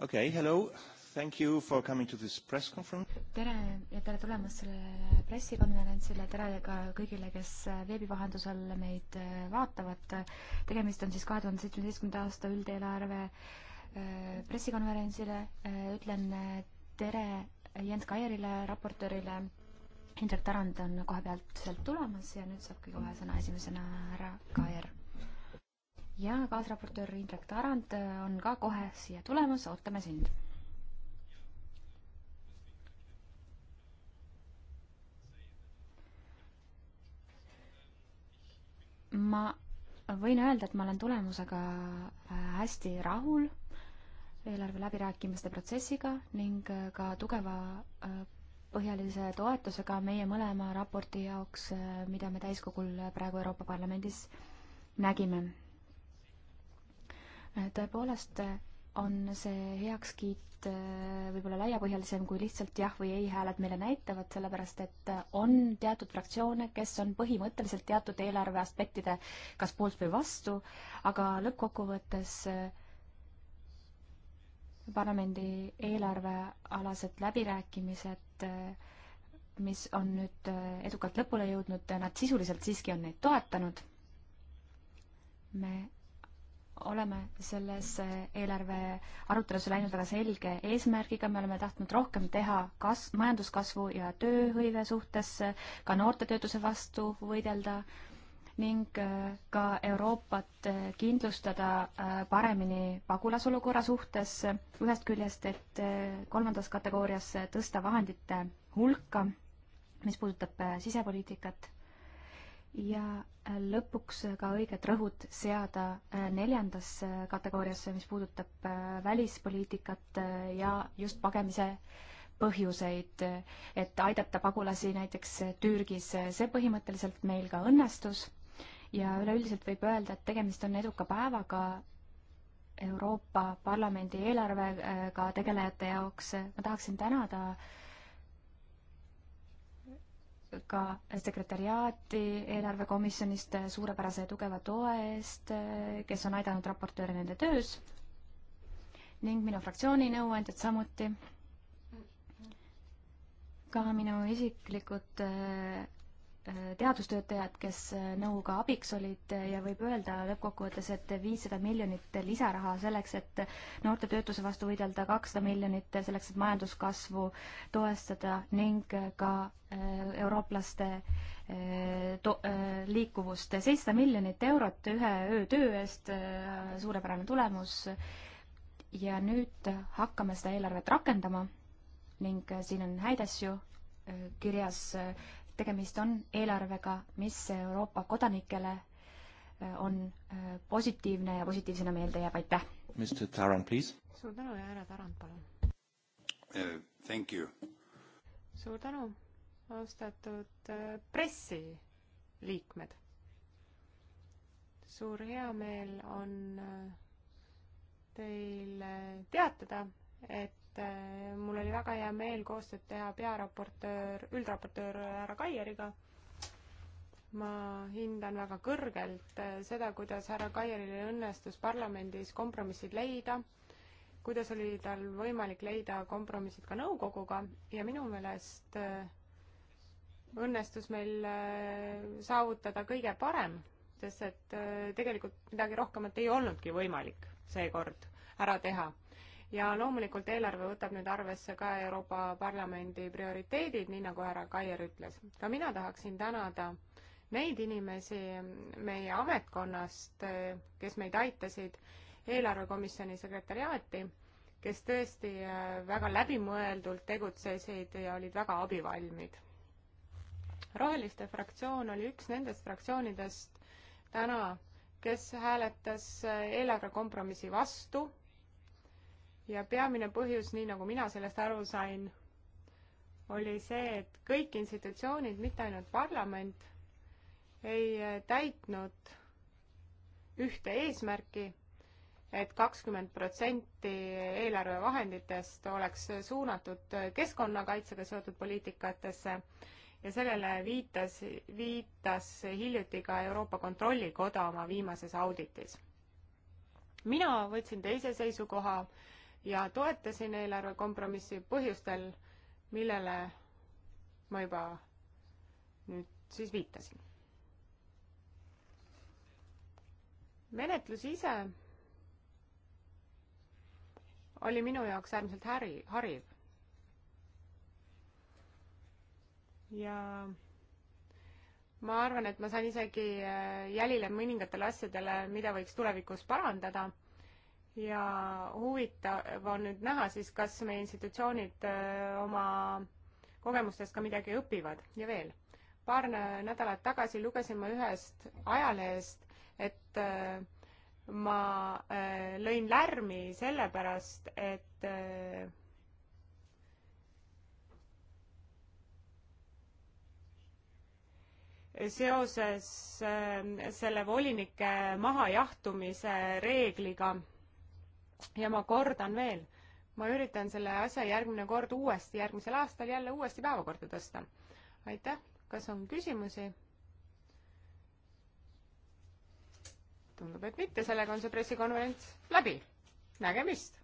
okay, hello. Thank you for coming to this press conference. tere ja tere tulemast sellele pressikonverentsile, tere ka kõigile, kes äh, veebi vahendusel meid äh, vaatavad. tegemist on siis kahe tuhande seitsmeteistkümnenda aasta üldeelarve äh, pressikonverentsile. ütlen tere Jens Kairile, raportöörile. Indrek Tarand on koha pealt sealt tulemas ja nüüd saab kõige vahe sõna esimesena härra Kair ja kaasraportöör Indrek Tarand äh, on ka kohe siia tulemas, ootame sind. ma võin öelda, et ma olen tulemusega äh, hästi rahul eelarve läbirääkimiste protsessiga ning äh, ka tugeva põhjalise toetusega meie mõlema raporti jaoks, mida me täiskogul praegu Euroopa Parlamendis nägime tõepoolest äh, on see heakskiit äh, võib-olla laiapõhjalisem kui lihtsalt jah või ei hääled meile näitavad, sellepärast et äh, on teatud fraktsioone, kes on põhimõtteliselt teatud eelarve aspektide kas poolt või vastu, aga lõppkokkuvõttes parlamendi eelarvealased läbirääkimised, mis on nüüd edukalt lõpule jõudnud, nad sisuliselt siiski on neid toetanud. me oleme sellesse eelarve arutelusse läinud väga selge eesmärgiga, me oleme tahtnud rohkem teha kas-, majanduskasvu ja tööhõive suhtes, ka noorte töötuse vastu võidelda ning äh, ka Euroopat äh, kindlustada äh, paremini pagulasolukorra suhtes, ühest küljest, et kolmandas kategoorias tõsta vahendite hulka, mis puudutab sisepoliitikat ja lõpuks ka õiget rõhut seada äh, neljandasse äh, kategooriasse, mis puudutab äh, välispoliitikat ja just pagemise põhjuseid, et aidata pagulasi näiteks Türgis, see põhimõtteliselt meil ka õnnestus ja üleüldiselt võib öelda, et tegemist on eduka päevaga Euroopa Parlamendi eelarvega tegelejate jaoks. ma tahaksin tänada äh, ka sekretäriaati eelarvekomisjonist suurepärase ja tugeva toe eest, kes on aidanud raportööre nende töös ning minu fraktsiooni nõuandjad samuti. ka minu isiklikud teadustöötajad, kes äh, nõuga abiks olid äh, ja võib öelda lõppkokkuvõttes, et viissada miljonit lisaraha selleks, et noorte töötuse vastu võidelda, kakssada miljonit selleks, et majanduskasvu toestada ning äh, ka eurooplaste to-, liikuvust. seitsesada miljonit eurot ühe öö töö eest, suurepärane tulemus, ja nüüd hakkame seda eelarvet rakendama ning siin on häid asju kirjas tegemist on eelarvega, mis Euroopa kodanikele äh, on äh, positiivne ja positiivsena meelde jääb, aitäh! suur tänu ja härra Tarand, palun uh,! Thank you! suur tänu, austatud äh, pressiliikmed! suur heameel on teile teatada, et et äh, mul oli väga hea meel koostööd teha pearaportöör, üldraportöör härra Kaieriga. ma hindan väga kõrgelt äh, seda, kuidas härra Kaieril õnnestus parlamendis kompromissid leida, kuidas oli tal võimalik leida kompromissid ka nõukoguga ja minu meelest äh, õnnestus meil saavutada kõige parem, sest et tegelikult midagi rohkemat ei olnudki võimalik seekord ära teha ja loomulikult eelarve võtab nüüd arvesse ka Euroopa Parlamendi prioriteedid, nii nagu härra Kaier ütles. ka mina tahaksin tänada neid inimesi meie ametkonnast, kes meid aitasid, eelarvekomisjoni sekretäriaati, kes tõesti äh, väga läbimõeldult tegutsesid ja olid väga abivalmid. roheliste fraktsioon oli üks nendest fraktsioonidest täna, kes hääletas äh, eelarvekompromissi vastu ja peamine põhjus, nii nagu mina sellest aru sain, oli see, et kõik institutsioonid, mitte ainult parlament, ei täitnud ühte eesmärki et, et kakskümmend protsenti eelarvevahenditest oleks suunatud keskkonnakaitsega seotud poliitikatesse ja sellele viitas, viitas hiljuti ka Euroopa Kontrollikoda oma viimases auditis. mina võtsin teise seisukoha ja toetasin eelarve kompromissi põhjustel, millele ma juba nüüd siis viitasin. menetlus ise oli minu jaoks äärmiselt häri, hariv. ja ma arvan, et ma sain isegi äh, jälile mõningatele asjadele, mida võiks tulevikus parandada ja huvitav on nüüd näha siis, kas meie institutsioonid äh, oma kogemustest ka midagi õpivad ja veel, paar nädalat tagasi lugesin ma ühest ajalehest, et äh, ma äh, lõin lärmi sellepärast, et seoses selle volinike mahajahtumise reegliga ja ma kordan veel, ma üritan selle asja järgmine kord uuesti, järgmisel aastal jälle uuesti päevakorda tõsta. aitäh, kas on küsimusi? tundub, et mitte, sellega on see pressikonverents läbi. nägemist!